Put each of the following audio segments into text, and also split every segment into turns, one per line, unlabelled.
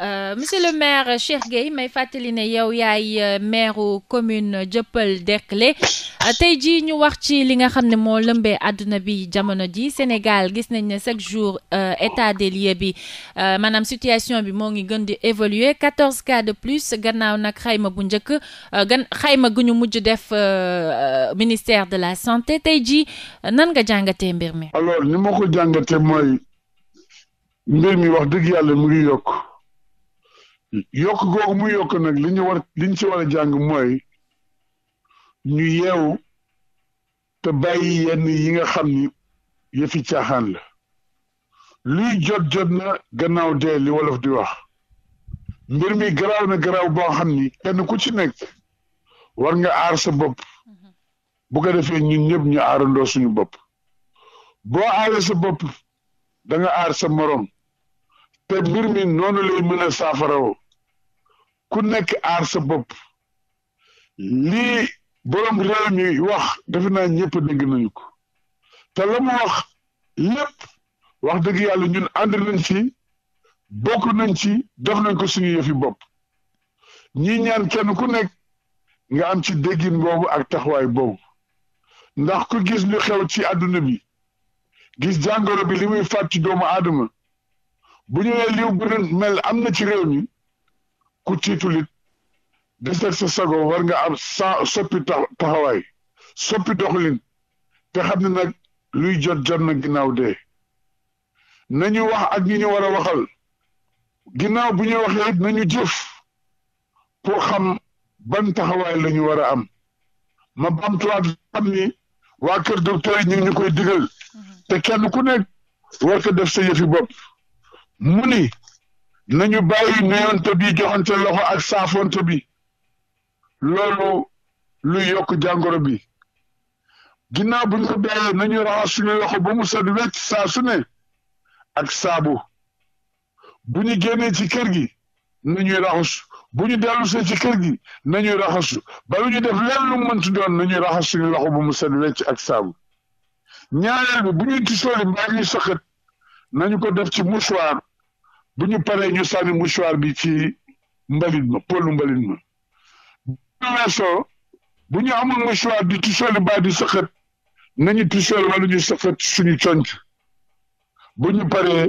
Euh, monsieur le maire euh, Cheikh Gueye may fàttali ne yow yaay euh, maire commune jëppal euh, derklé tey jii ñu wax ci li nga xam ne moo lëmbee àdduna bi jamono ji Sénégal gis nañ ne chaque jour état des lieux bi maanaam situation bi moo ngi gën di évoluer quatorze cas de plus gannaaw nag xayma bu njëkk gan xayma gu ñu mujj def ministère de la santé tey jii nan nga jàngatee mbir mi.
alors ni ma ko jàngatee mooy mbir mi wax dëgg yàlla mu ngi yokk. yokk googu mu yokk nag li ñu war li ñu ci war a jàng mooy ñu yeewu te bàyyi yenn yi nga xam ni yëfi caaxaan la luy jot jot na gannaaw dee li wolof di wax mbir mi garaaw na garaaw boo xam ni kenn ku ci nekk war nga aar sa bopp bu ko defee ñun ñëpp ñu aarandoo suñu bopp boo aaree sa bopp da aar sa morom te mbir mi noonu lay mën a saafarao ku nekk aar sa bopp lii borom réew mi wax defe naa ñëpp dégg nañu ko te la mu wax lépp wax dëgg yàlla ñun ànd nañ ci bokk nañ ci def nañ ko suñu yëfi bopp ñi ñaan kenn ku nekk nga am ci déggin boobu ak taxawaay boobu ndax ku gis lu xew ci àdduna bi gis jàngoro bi li muy fàtt ci doomu aadama bu ñëwee liw bu mel am na ci réew mi ku tiitulit deseg sa sago war nga am sa soppi taxawaay soppi doxalin te xam ne nag luy jot jot na ginnaaw dee nañu wax ak ñi ñu war a waxal ginnaaw bu ñu waxee it nañu jëf pour xam ban taxawaay la ñu war a am ma bamtuwaat xam ni waa kër docteur yi ñu koy digal mm-hmm. te kenn ku nekk war ko def sa yëfi bopp mu ni nañu bàyyi nuyonte bi joxante loxo ak saafonte bi loolu lu yokk jàngoro bi ginnaaw buñ ko bàyyee nañu raxas suñu loxo ba mu set wecc saa su ne ak saabu bu ñu génnee ci kër gi na ñuy raxasu bu ñu dellusee ci kër gi nañuy raxasu ba lu ñu def leen lu mënti doon ñuy raxas suñu loxo ba mu set wecc ak saabu ñaareel bi bu ñu tisooli mbaa ñuy sëqët nañu ko def ci mouchoir bu ñu paree ñu sànni mouchoir bi ci mbalit ma polu mbalit ma bu weesoo bu ñu amul mouchoir di tisooli baa di sëqët nañu tisool wala ñu sëqët suñu conc bu ñu paree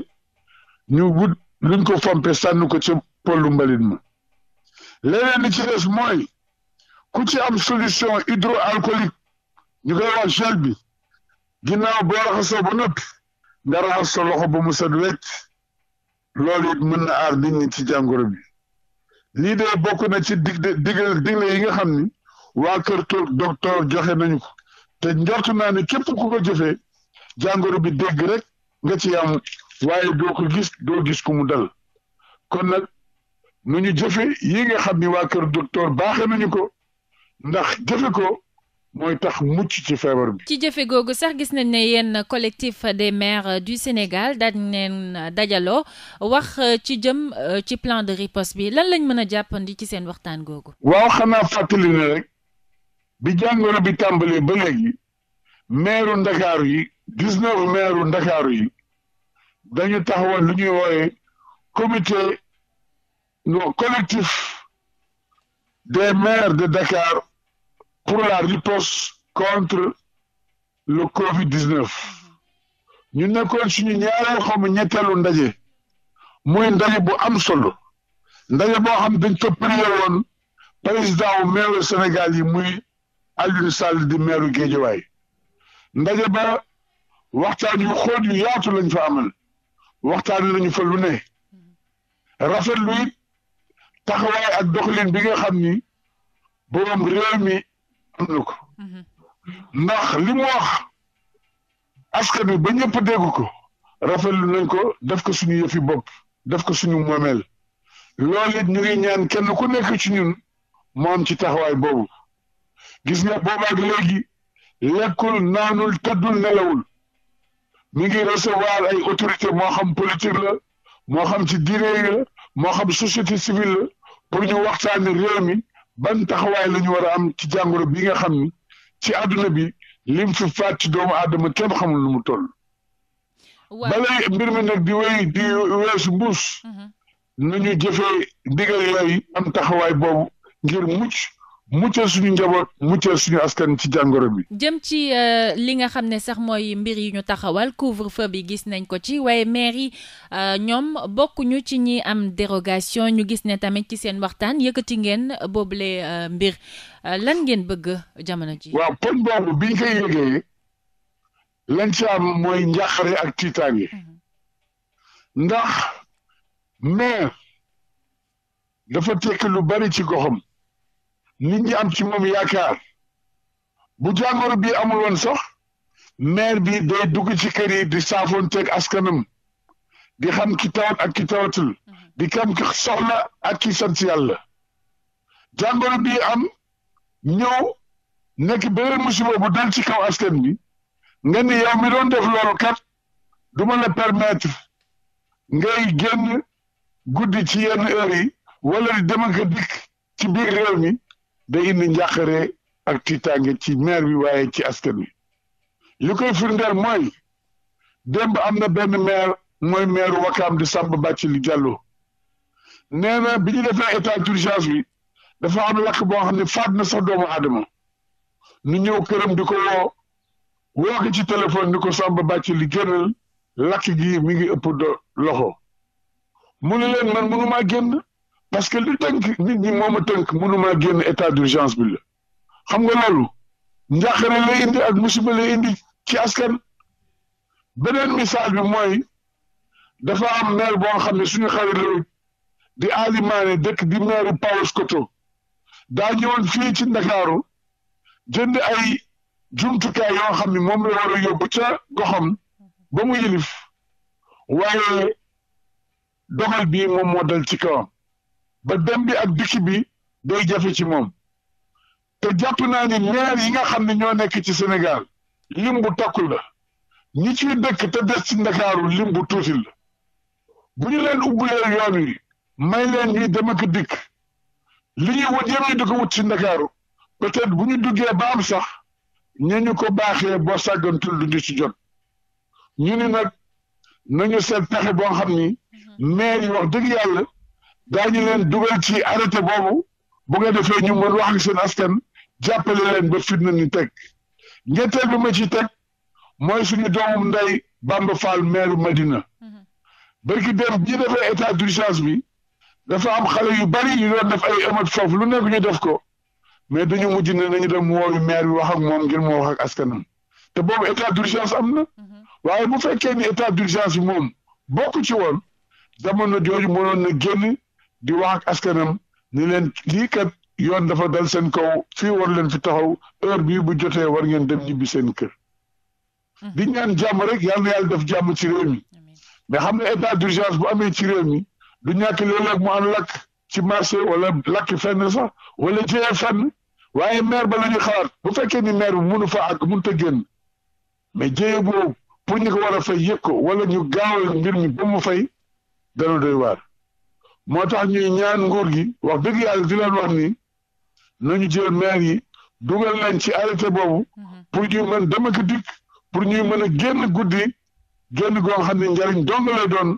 ñu wut luñ ko fompe sànni ko ci lu mbalit ma leneen li ci des mooy ku ci am solution hydroalcoolique ñu koy wax gel bi ginnaaw boo raxasoo ba noppi nga raxas sa loxo ba mu set wecc loolu mën na aar nit ci jàngoro bi lii de bokk na ci dig digle yi nga xam ni waa kër docteur joxe nañu ko te njort naa ne képp ku ko jëfee jàngoro bi dégg rek nga ci am waaye doo ko gis doo gis ku mu dal kon nag nu ñu jëfe yi nga xam ni waa kër docteur baaxe nañu ko ndax jëfe ko mooy tax mucc ci feebar bi.
ci jëfe googu sax gis nañ ne yenn collectif de maires du Sénégal dañ neen dajaloo wax euh, ci jëm euh, ci plan de riposte bi lan lañ mën a jàppandi ci seen waxtaan googu.
waaw xanaa fàttali ne rek bi jàngoro bi tàmbalee ba léegi maireu ndakaaru yi dix-neuf ndakaaru yi dañu taxawal lu ñuy wooyee comité non collectif des maires de Dakar. pour la riposte contre le Covid-19 ñu nekkoon suñu ñaareel xaw ñetteelu ndaje muy ndaje bu am solo ndaje boo xam dañ ko woon président wu maire Sénégal yi muy Alioune Sall di maire Guédiawaye ndaje ba waxtaan yu xóot yaatu lañ fa amal waxtaan lañu fa lu ne rafet it taxawaay ak doxalin bi nga xam ni boroom réew mi dund ko mhm. ndax li mu wax askan wi ba ñëpp dégg ko rafetlu nañ ko def ko suñu yëfi bopp def ko suñu moomeel loolu it ñu ngi ñaan kenn ku nekk ci ñun moom ci taxawaay boobu gis nga boobaak léegi lekkul naanul tëddul nelawul mu ngi recevoir ay autorité moo xam politique la moo xam ci diine yi la moo xam société civile la pour ñu waxtaani réew mi ban taxawaay lañu ñu war a am ci jàngoro bi nga xam ni ci àdduna bi lim fi faat ci doomu aadama kenn xamu lu mu toll.
waaw balay mbir mi nekk
di wéy di weesu mbuus. Mhm. nañu jëfee ndigal yooyu am taxawaay boobu ngir mucc. muccal suñu njaboot muccal suñu askan ci jàngoro bi.
jëm ci euh, li nga xam ne sax mooy mbir yi ñu taxawal couvre-feu bi gis nañ ko ci waaye maire yi euh, ñoom bokkuñu ci ñi am dérogation ñu gis ne tamit ci seen waxtaan yëkkati ngeen boobule euh, mbir lan ngeen bëgg jamono ji.
waaw poñ boobu biñ koy yëgee lan ci am mooy njàqare ak tiitaange mhm. ndax maire dafa tekk lu bari ci goxam. nit ñi am ci moom yaakaar bu jàngoro bi amul woon sax maire bi day dugg ci kër yi di saafoonteeg askanam di xam ki tawat ak ki tawatul mhm. di xam ki soxla ak ki sant yàlla jàngoro bi am ñëw nekk beneen musiba bu dal ci kaw askan bi nga ni yow mi doon def loolu kat du ma la permettre ngay génn guddi ci yenn heure yi wala di dem ak ci biir réew mi day indi njàqare ak tiitaange ci meer bi waaye ci askan bi li koy firndeel mooy démb am na benn maire mooy maire Wakaam di Samba Bathily Diallo nee na bi ñu defee état d'urgence bi dafa am lakk boo xam ne faat na sax doomu aadama nu ñëw këram di ko woo woo ko ci téléphone ni ko Samba Bathily génnal lakk gi mi ngi ëpp do loxo mu ne leen man mënumaa génn parce que li tënk nit ñi moom a tënk mënuma génn état d'urgence bi la xam nga loolu njàqare lay indi ak musiba lay indi ci askan beneen message bi mooy dafa am maire boo xam ne suñu xarit la di alimaane dëkk di maire Paolos Koto daa ñëwoon fii ci Ndakaaru jënd ay jumtukaay yoo xam ne moom la war a yóbbu ca goxam ba mu yilif waaye dogal bii moom moo dal ci kawam ba dem bi ak dikk bi day jafe ci moom te jàpp naa ni maire yi nga xam ne ñoo nekk ci Sénégal lim bu takku la ñi ciy dëkk te des ci Ndakaaru lim bu tuuti la bu ñu leen ubbilee yoon wi may leen ñuy dem ak dikk li ñuy wut yëpp ñu di ko wut ci Ndakaaru peut-être bu ñu duggee ba am sax ña ñu ko baaxee boo sàggantul du ñu ci jot ñu ni nag nañu seet pexe boo xam ni mhm. maire yi wax dëgg yàlla daañu leen dugal ci arrêté boobu bu nga defee ñum mën wax ak seen askan jàppale leen ba fitna ni teg ñetteel bi ma ci teg mooy suñu doomu nday Bamba Fall maire Madina mhm. barki dem ñi defee état d'urgence bi dafa am xale yu bari yu doon def ay émeute foofu lu nekk ñu def ko mais dañu mujj ne ñu dem woowu maire bi wax ak moom ngir moo wax ak askanam te boobu état d'urgence am na mhm. waaye bu fekkee ni état d'urgence bi moom bokk ci woon jamono jooju mënoon na génn di wax ak askanam ni leen lii kat yoon dafa dal seen kaw fii war leen fi taxaw heure bii bu jotee war ngeen dem ñibbi seen kër. Hmm. di ñaan jàmm rek yal na yàlla def jàmm ci réew mi. mais xam ne état d'urgence bu amee ci réew mi du ñàkk léeg-léeg mu am lakk ci marché wala lakk fenn sax wala jëyee fenn waaye maire ba la ñuy bu fekkee ni maire bi mënu fa ak mun a génn mais jëye boobu pour ñu ko war a fay yëg ko wala ñu gaawal mbir mi ba mu fay dana doy waar. moo tax ñuy ñaan nguur gi wax dëgg yàlla di leen wax ni nañu jël maire yi dugal leen ci arrêté boobu mhm. pour ñuy mën dem ak dikk pour ñuy mën a génn guddi génn goo xam ne njariñ dong lay doon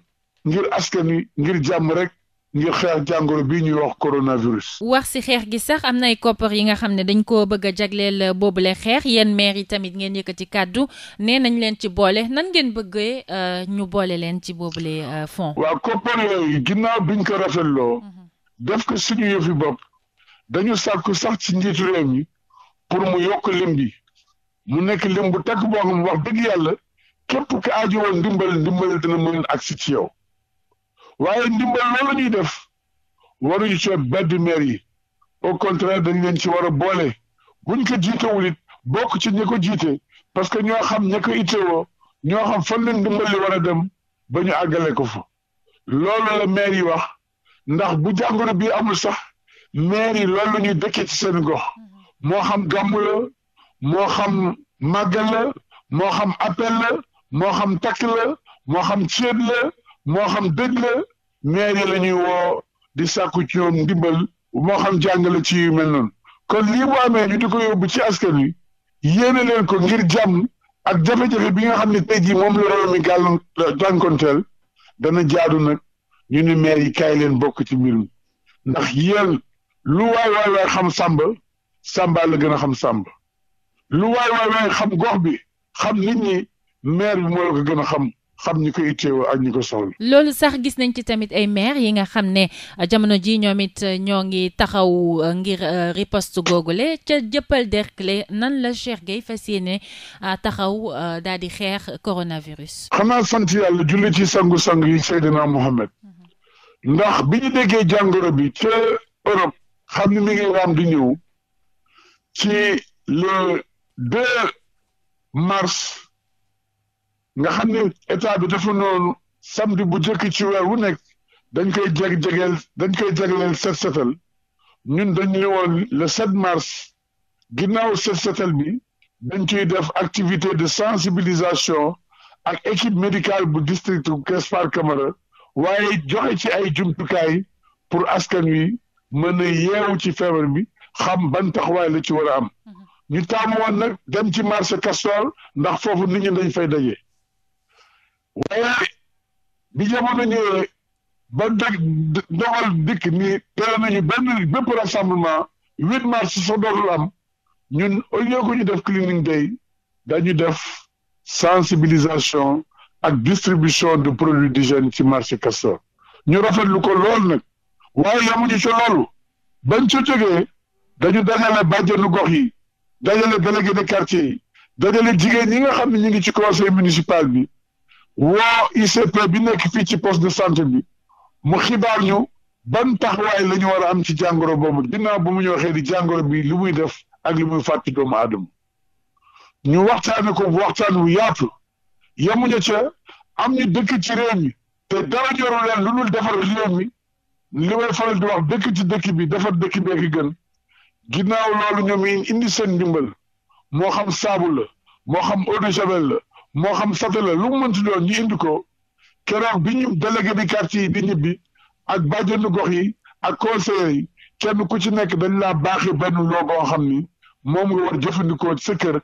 ngir askan wi ngir jàmm rek ngir xeex jàngoro bi ñuy wax coronavirus.
wax ci xeex gi sax am na ay koppar yi nga xam ne dañ koo bëgg a jagleel euh, boobule xeex yéen meer yi tamit ngeen yëkkati kàddu nee nañ leen ci boole nan ngeen bëggee euh, ñu boole leen ci boobule euh, fon
waaw koppar yooyu ginnaaw biñ ko rafetloo. Mhm. def ko suñu yëfi bopp dañu sàkku sax ci njiitu réew mi pour mu yokk lim bi mu nekk lim bu takk boo xam wax dëgg yàlla képp ku aajowoon ndimbal ndimbal dina mën agsi ci yow. waaye ndimbal loolu lañuy def waruñu ci bedd maire yi au contraire dañ leen ci war a boole buñ ko jiitewul it bokk ci ñi ko jiite parce que ñoo xam ña ko itteewoo ñoo xam fan la ndimbal li war a dem ba ñu àggale ko fu loolu la maire yi wax ndax bu jàngoro bi amul sax maire yi loolu ñuy dëkkee ci seen gox moo xam gàmmu moo xam màggal moo xam appel moo xam takk moo xam ceeb moo xam dëgg la maire lañuy woo di sàkku ci ñoom ndimbal moo xam jàngale ci yu mel noonu kon lii bu amee ñu di ko yóbbu ci askan wi yéene leen ko ngir jàmm ak jafe-jafe bi nga xam ne tey jii moom la gàllan jànkonteel dana jaadu nag ñu ni maire bokk ci mbir mi ndax yéen lu waay waay waay xam sàmba sàmba la gën a xam sàmb lu waay waay xam gox bi xam nit ñi maire bi moo la ko gën a xam xam ñu koy itteewoo ak ñu ko soxla.
loolu sax gis nañ ci tamit ay maire yi nga xam ne euh, jamono ji ñoom it euh, ñoo ngi taxaw euh, ngir riposte googule ca jëppal derkle nan la Cheikh Gueye fas yéene taxaw daal di xeex coronavirus.
xanaa sant yàlla julli ci sangu sang yi Seydina Mohamed. Mhm. ndax bi ñu déggee jàngoro bi ca Europe xam ni mi ngi raam di ñëw ci le mars. nga xam ne état bi dafa noonu samedi bu njëkk ci weer wu nekk dañ koy jeg jegeel dañ koy jegleel set setal ñun dañ ne woon le 7 mars ginnaaw set setal bi dañ ciy def activité de sensibilisation ak équipe médicale bu district Gaspard Camara waaye joxe ci ay jumtukaay pour askan wi mën na yeewu ci feebar bi xam ban waaye la ci war a am mm-hmm. ñu taamu woon nag dem ci marché Castor ndax foofu nit ñi dañ fay daje waaye bi jamono ñëwee ba dëkk dogal dikk nii tere nañu benn bépp rassemblement huit mars sa doolul am ñun au ñu def cleaning day dañu def sensibilisation ak distribution de produits d'hygiène ci marché Castor ñu rafetlu ko lool nag waaye yamuñu ci loolu bañ ca jógee dañu dajale bàjjenu gox yi dajale délégué de quartier yi dajale jigéen ñi nga xam ne ñu ngi ci conseil municipal bi woo ICP bi nekk fii ci poste de santé bi mu xibaar ñu ban taxawaay la lañu war a am ci jàngoro boobu ginnaaw ba mu ñu waxee di jàngoro bi li muy def ak li muy fàtti doomu aadama ñu waxtaane ko waxtaan wu yaatu yemuñu ca am ñu dëkk ci réew te dara ñoru leen lu dul defar réew mi li may faral di wax dëkk ci dëkk bi defar dëkk bi ak gën ginnaaw loolu ñoom indi seen ndimbal moo xam saabu la moo xam eau de javel la moo xam sote la lu mu mënti doon ñu indi ko keroog bi ñu délégué bi quartier yi di ñibbi ak bàjjenu gox yi ak conseillers yi kenn ku ci nekk dañ laa baaxee benn loo boo xam ni moom nga war jëfandikoo sa kër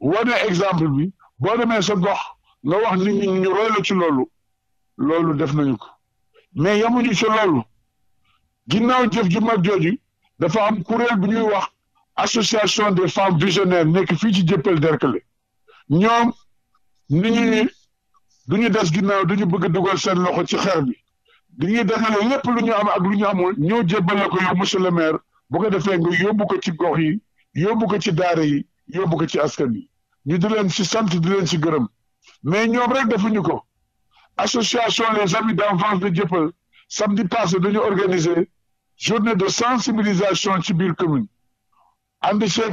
wane exemple bi boo demee sa gox nga wax nit ñi ñu roy la ci loolu loolu def nañu ko mais yamuñu ci loolu ginnaaw jëf ju mag jooju dafa am kuréel bu ñuy wax association des femmes visionnaires nekk fii ci jëppal derkale ñoom ñu ñi mm-hmm. ñu des ginnaaw du ñu bëgg a dugal seen loxo ci xeer bi dañuy dajale lépp lu ñu am ak lu ñu amul ñëw jébbale ko monsieur le maire bu ko defee nga yóbbu ko ci gox yi yóbbu ko ci daara yi yóbbu ko ci askan yi ñu di leen ci sant di leen ci gërëm mais ñoom rek defuñu ko association les amis d'enfance de Dieuppeul samedi passé dañu organiser journée de sensibilisation ci biir commune ànd ceeg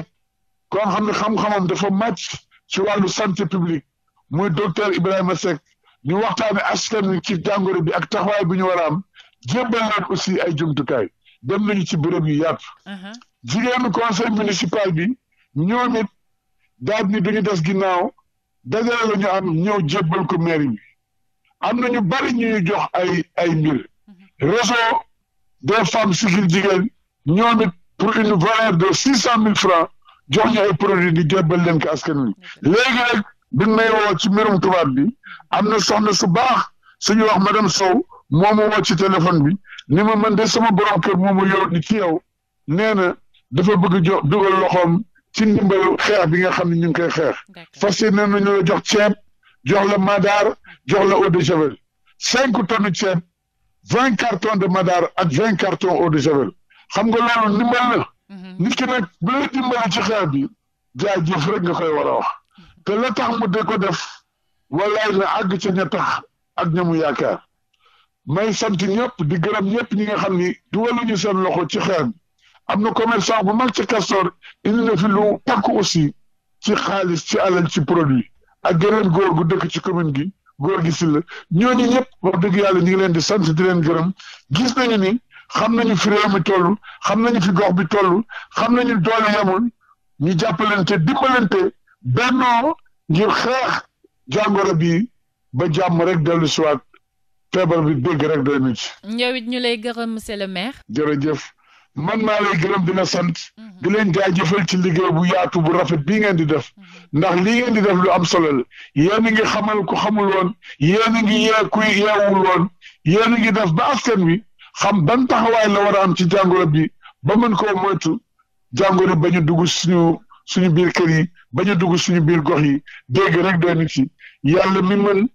koo xam ne xam-xamam dafa màcc ci wàllu santé publique muy docteur Ibrahima Seck ñu waxtaane askan wi ci jàngoro bi ak taxawaay bi ñu war a am jébbal leen aussi ay jumtukaay dem nañu ci béréb yu yàpp uh-huh. jigéenu conseil municipal bi ñoom it daal ni duñu des ginnaaw dajale la ñu am ñëw jébbal ko mairie bi am na ñu bari ñu jox ay ay mbir uh-huh. réseau des femmes sigil jigéen ñoom it pour une valeur de six cent mille francs jox ñu ay produits di jébbal leen ko askan wi léegi bi may woo ci mbirum tubaab bi am na soxna su baax suñu wax madame Sow moo ma woo ci téléphone bi ni ma man de sama borom kër moo ma yónni ci yow nee na dafa bëgg jox dugal loxoom ci ndimbalu xeex bi nga xam ne ñu ngi koy xeex fas yéene nañu la jox ceeb jox la madaar jox la eau de javel cinq tonnes ceeb vingt cartons de madaar ak vingt cartons eau de javel xam nga loolu ndimbal la mm-hmm. nit ki bu la dimbali ci xeex bi jaay jëf rek nga koy war te la tax mu di ko def wallaay na àgg ca ña tax ak ñamu yaakaar may sant ñëpp di gërëm ñëpp ñi nga xam ni duwaluñu seen loxo ci xeer am na commerçant bu mag ci Castor indi na fi lu takk aussi ci xaalis ci alal ci produit ak geneen góor gu dëkk ci commune gi góor gi si la ñooñu ñëpp wax dëgg yàlla ñu ngi leen di sant di leen gërëm gis nañu ni xam nañu fi réew mi xam nañu fi gox bi toll xam nañu doole yamul ñu jàppalante dimbalante bennoo ngir xeex jàngoro bi ba jàmm rek dellu si waat feebar bi dégg rek day mucc.
yow it ñu lay gërëm monsieur le maire.
jërëjëf man maa lay gërëm dina sant. Mhm. di leen jaajëfal ci liggéey bu yaatu bu rafet bii ngeen di def. Mhm. ndax lii ngeen di def lu am solo la a ngi xamal ku xamul woon yéen a ngi yee kuy yeewul woon yéen a ngi def ba askan wi xam ban taxawaay la war a ci jàngoro bi ba mën ko moytu jàngoro ba ñu dugg suñu. suñu biir kër yi bañ a dugg suñu biir gox yi dégg rek doy ci yàlla mi mën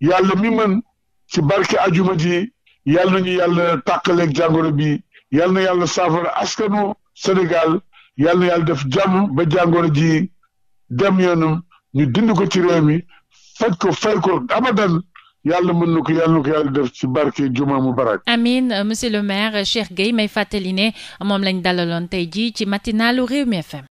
yàlla mi mën ci barke ajuma ji yàlla nañu yàlla tàqaleeg jàngoro bi yàlla na yàlla saafara askanu Sénégal yàlla yàlla def jàmm ba jàngoro ji dem yoonam ñu dind ko ci réew mi faj ko fay ko abadan yàlla mën na ko yàlla yàlla def ci barke juma mu barak
amin monsieur le maire Cheikh Gueye may fàttali ne moom lañ dalaloon tey jii ci matinalu Rewmi FM